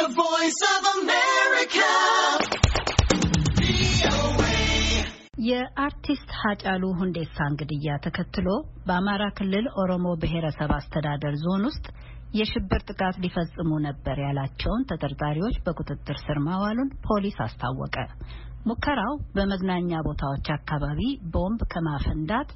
The Voice of America. የአርቲስት ሀጫሉ ሁንዴሳ ግድያ ተከትሎ በአማራ ክልል ኦሮሞ ብሔረሰብ አስተዳደር ዞን ውስጥ የሽብር ጥቃት ሊፈጽሙ ነበር ያላቸውን ተጠርጣሪዎች በቁጥጥር ስር ማዋሉን ፖሊስ አስታወቀ። ሙከራው በመዝናኛ ቦታዎች አካባቢ ቦምብ ከማፈንዳት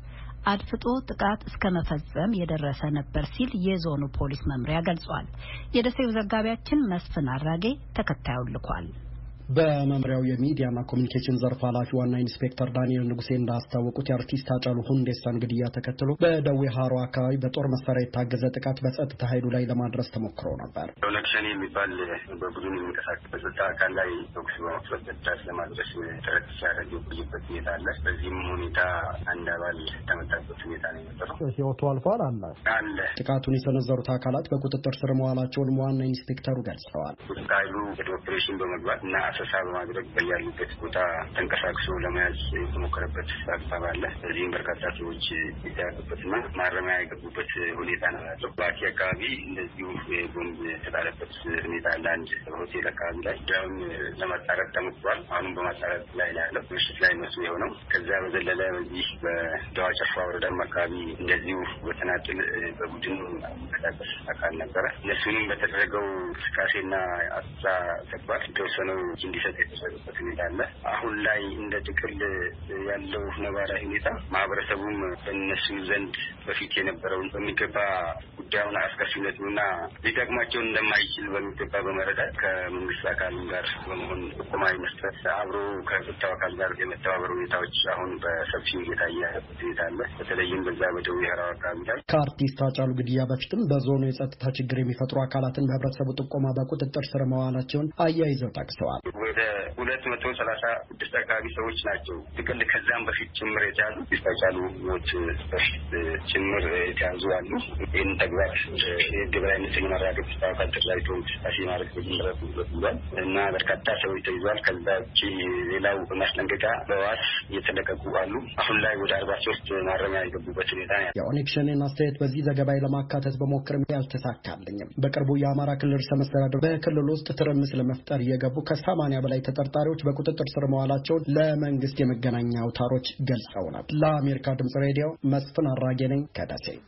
አድፍጦ ጥቃት እስከ መፈጸም የደረሰ ነበር ሲል የዞኑ ፖሊስ መምሪያ ገልጿል። የደሴው ዘጋቢያችን መስፍን አራጌ ተከታዩን ልኳል። በመምሪያው የሚዲያና ኮሚኒኬሽን ዘርፍ ኃላፊ ዋና ኢንስፔክተር ዳንኤል ንጉሴ እንዳስታወቁት የአርቲስት አጫሉ ሁንዴሳን ግድያ ተከትሎ በደዌ ሀሮ አካባቢ በጦር መሳሪያ የታገዘ ጥቃት በጸጥታ ኃይሉ ላይ ለማድረስ ተሞክሮ ነበር። ኦነግ ሸኔ የሚባል በቡድን የሚንቀሳቀስ በጸጥታ አካል ላይ ተኩስ በመክፈት ጥቃት ለማድረስ ጥረት ሲያደርግ የቆየበት ሁኔታ አለ። በዚህም ሁኔታ አንድ አባል ተመታበት ሁኔታ ነው የነበረው። ህይወቱ አልፏል አለ አለ። ጥቃቱን የሰነዘሩት አካላት በቁጥጥር ስር መዋላቸውን ዋና ኢንስፔክተሩ ገልጸዋል። ቁጥጥር ኃይሉ ወደ ኦፕሬሽን በመግባት እና ዳሰሳ በማድረግ በያሉበት ቦታ ተንቀሳቅሶ ለመያዝ የተሞከረበት አግባብ አለ። በዚህም በርካታ ሰዎች የተያዙበትና ማረሚያ የገቡበት ሁኔታ ነው ያለው። በአኪ አካባቢ እንደዚሁ የቦምብ የተጣለበት ሁኔታ አለ። አንድ ሆቴል አካባቢ ላይ ዳውን ለማጣረቅ ተሞክሯል። አሁንም በማጣረቅ ላይ ነው ያለው። ምሽት ላይ መስ የሆነው ከዛ በዘለለ በዚህ በደዋ ጨፋ ወረዳም አካባቢ እንደዚሁ በተናጥል በቡድን የሚንቀሳቀስ አካል ነበረ። እነሱንም በተደረገው እንቅስቃሴና አሳ ተግባር የተወሰነው እንዲሰጥ የተሰሩበት ሁኔታ አለ። አሁን ላይ እንደ ጥቅል ያለው ነባራዊ ሁኔታ ማህበረሰቡም በእነሱ ዘንድ በፊት የነበረውን በሚገባ ጉዳዩን አስከፊነቱና ሊጠቅማቸውን እንደማይችል በሚገባ በመረዳት ከመንግስት አካልም ጋር በመሆን ጥቆማ መስጠት አብሮ ከፍታው አካል ጋር የመተባበር ሁኔታዎች አሁን ሁኔታ እየታየ ሁኔታ አለ። በተለይም በዛ በደቡብ ሄራው አካባቢ ላይ ከአርቲስት አጫሉ ግድያ በፊትም በዞኑ የጸጥታ ችግር የሚፈጥሩ አካላትን በህብረተሰቡ ጥቆማ በቁጥጥር ስር መዋላቸውን አያይዘው ጠቅሰዋል። ወደ ሁለት መቶ ሰላሳ ስድስት አካባቢ ሰዎች ናቸው ጥቅል ከዛም በፊት ጭምር የተያዙ አጫሉ ሞት በፊት ጭምር የተያዙ አሉ። ይህን ተግባር በተግባር የህግ የበላይነት የመረጋገጥ ስታወቃል ላይ ሰዎች ታሽ ማድረግ መጀመሪያ ትዝበት ይዟል እና በርካታ ሰዎች ተይዟል። ከዛ ውጭ ሌላው በማስጠንቀቂያ በዋስ እየተለቀቁ አሉ። አሁን ላይ ወደ አርባ ሶስት ማረሚያ የገቡበት ሁኔታ ነው። የኦነግ ሸኔን አስተያየት በዚህ ዘገባ ለማካተት በሞክርም ያልተሳካልኝም። በቅርቡ የአማራ ክልል ርዕሰ መስተዳድር በክልል ውስጥ ትርምስ ለመፍጠር የገቡ ከሰማንያ በላይ ተጠርጣሪዎች በቁጥጥር ስር መዋላቸውን ለመንግስት የመገናኛ አውታሮች ገልጸውናል። ለአሜሪካ ድምጽ ሬዲዮ መስፍን አራጌ ነኝ ከደሴ